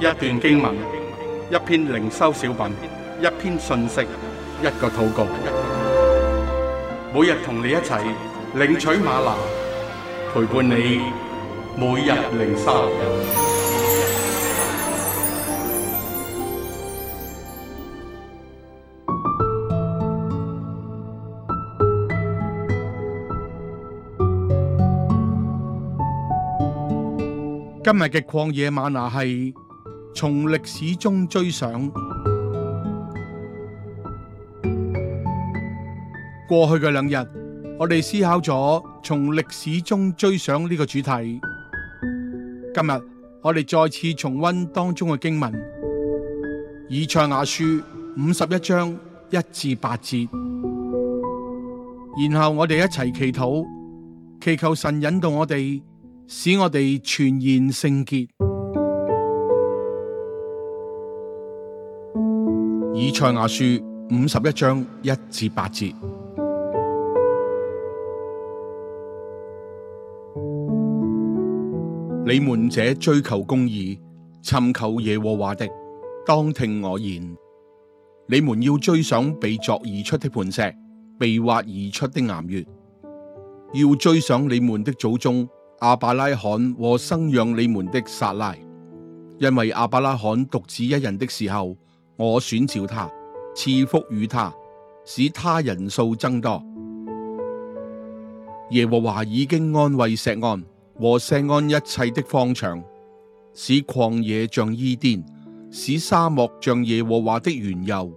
一段經文，一篇靈修小品，一篇信息，一個禱告。每日同你一齊領取嗎哪，陪伴你每日靈修。今日嘅曠野嗎哪係。從歷史中追想。過去嘅兩日，我哋思考咗從歷史中追想呢個主題今天。今日我哋再次重溫當中嘅經文，以賽亞書五十一章一至八節，然後我哋一齊祈禱，祈求神引導我哋，使我哋全然聖潔。以賽亞書五十一章一至八節： 你們這追求公義、尋求耶和華的，當聽我言。你們要追想被鑿而出的磐石、被挖而出的巖穴，要追想你們的祖宗亞伯拉罕和生養你們的撒拉，因為亞伯拉罕獨自一人的時候。我選召他，賜福與他，使他人數增多。耶和華已經安慰錫安和錫安一切的荒場，使曠野像伊甸，使沙漠像耶和華的園囿。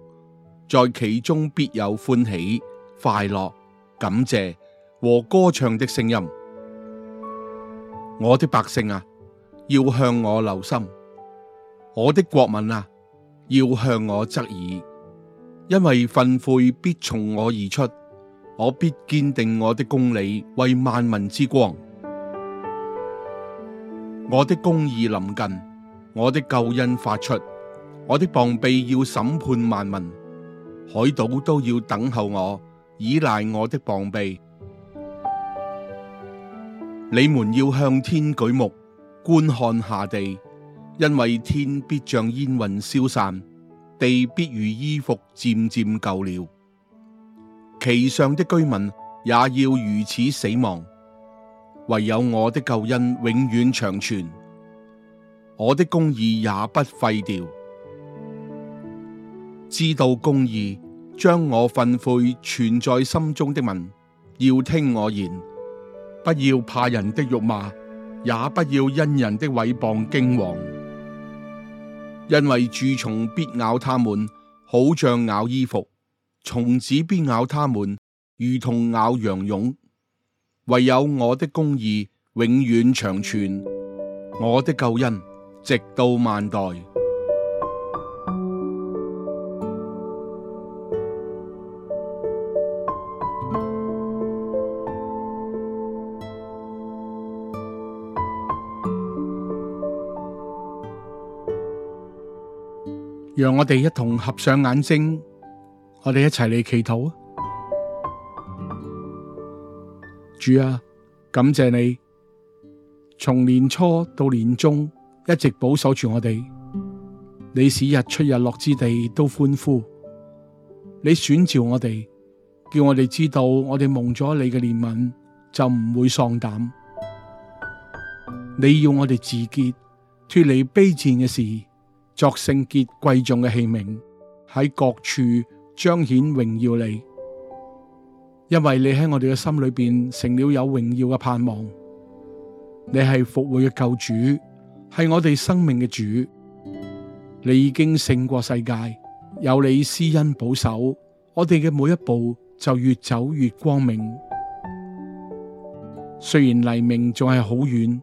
在其中必有歡喜、快樂、感謝和歌唱的聲音。我的百姓啊，要向我留心；我的國民啊，要向我側耳，因為訓誨必從我而出，我必堅定我的公理為萬民之光。我的公義臨近，我的救恩發出，我的膀臂要審判萬民，海島都要等候我，倚賴我的膀臂。你們要向天舉目，觀看下地。因為天必像煙雲消散，地必如衣服漸漸舊了，其上的居民也要如此死亡。唯有我的救恩永遠長存，我的公義也不廢掉。知道公義，將我訓誨存在心中的民，要聽我言，不要怕人的辱罵，也不要因人的毀謗驚惶。因為蛀蟲必咬他們，好像咬衣服；蟲子必咬他們，如同咬羊絨。唯有我的公義永遠長存，我的救恩直到萬代。讓我哋一同合上眼睛，我哋一齊嚟祈禱啊！主啊，感謝你，從年初到年終一直保守住我哋。你使日出日落之地都歡呼，你選召我哋，叫我哋知道我哋蒙咗你嘅憐憫就唔會喪膽。你要我哋自潔，脫離卑賤嘅事。作聖潔貴重嘅器皿，喺各處彰顯榮耀你，因為你喺我哋嘅心裏邊成了有榮耀嘅盼望。你係復活嘅救主，係我哋生命嘅主。你已經勝過世界，有你施恩保守，我哋嘅每一步就越走越光明。雖然黎明仲係好遠，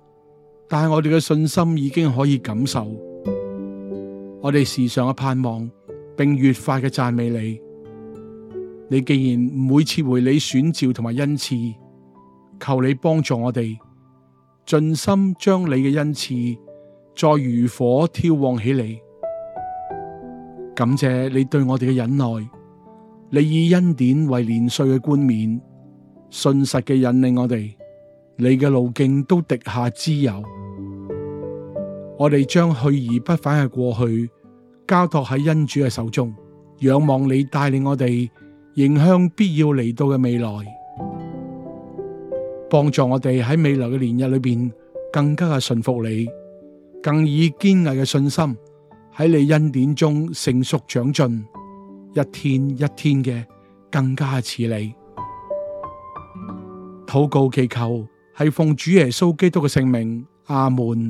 但係我哋嘅信心已經可以感受。我哋時常嘅盼望，並越發嘅讚美你。你既然唔會撤回你選召同埋恩賜，求你幫助我哋，盡心將你嘅恩賜再如火挑旺起嚟。感謝你對我哋嘅忍耐，你以恩典為年歲嘅冠冕，信實嘅引領我哋，你嘅路徑都滴下脂油。我哋將去而不返嘅過去交託喺恩主嘅手中，仰望你帶領我哋迎向必要嚟到嘅未來，幫助我哋喺未來嘅年日裏邊更加嘅信服你，更以堅毅嘅信心喺你恩典中成熟長進，一天一天嘅更加似你。禱告祈求係奉主耶穌基督嘅聖名，阿門。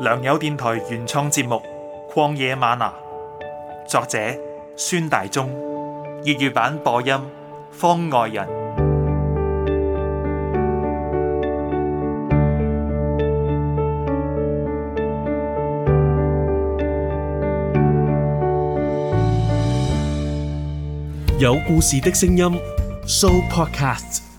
良友電台原創節目《曠野嗎哪》，作者孫大中，粵語版播音方外人，有故事的聲音 show podcast。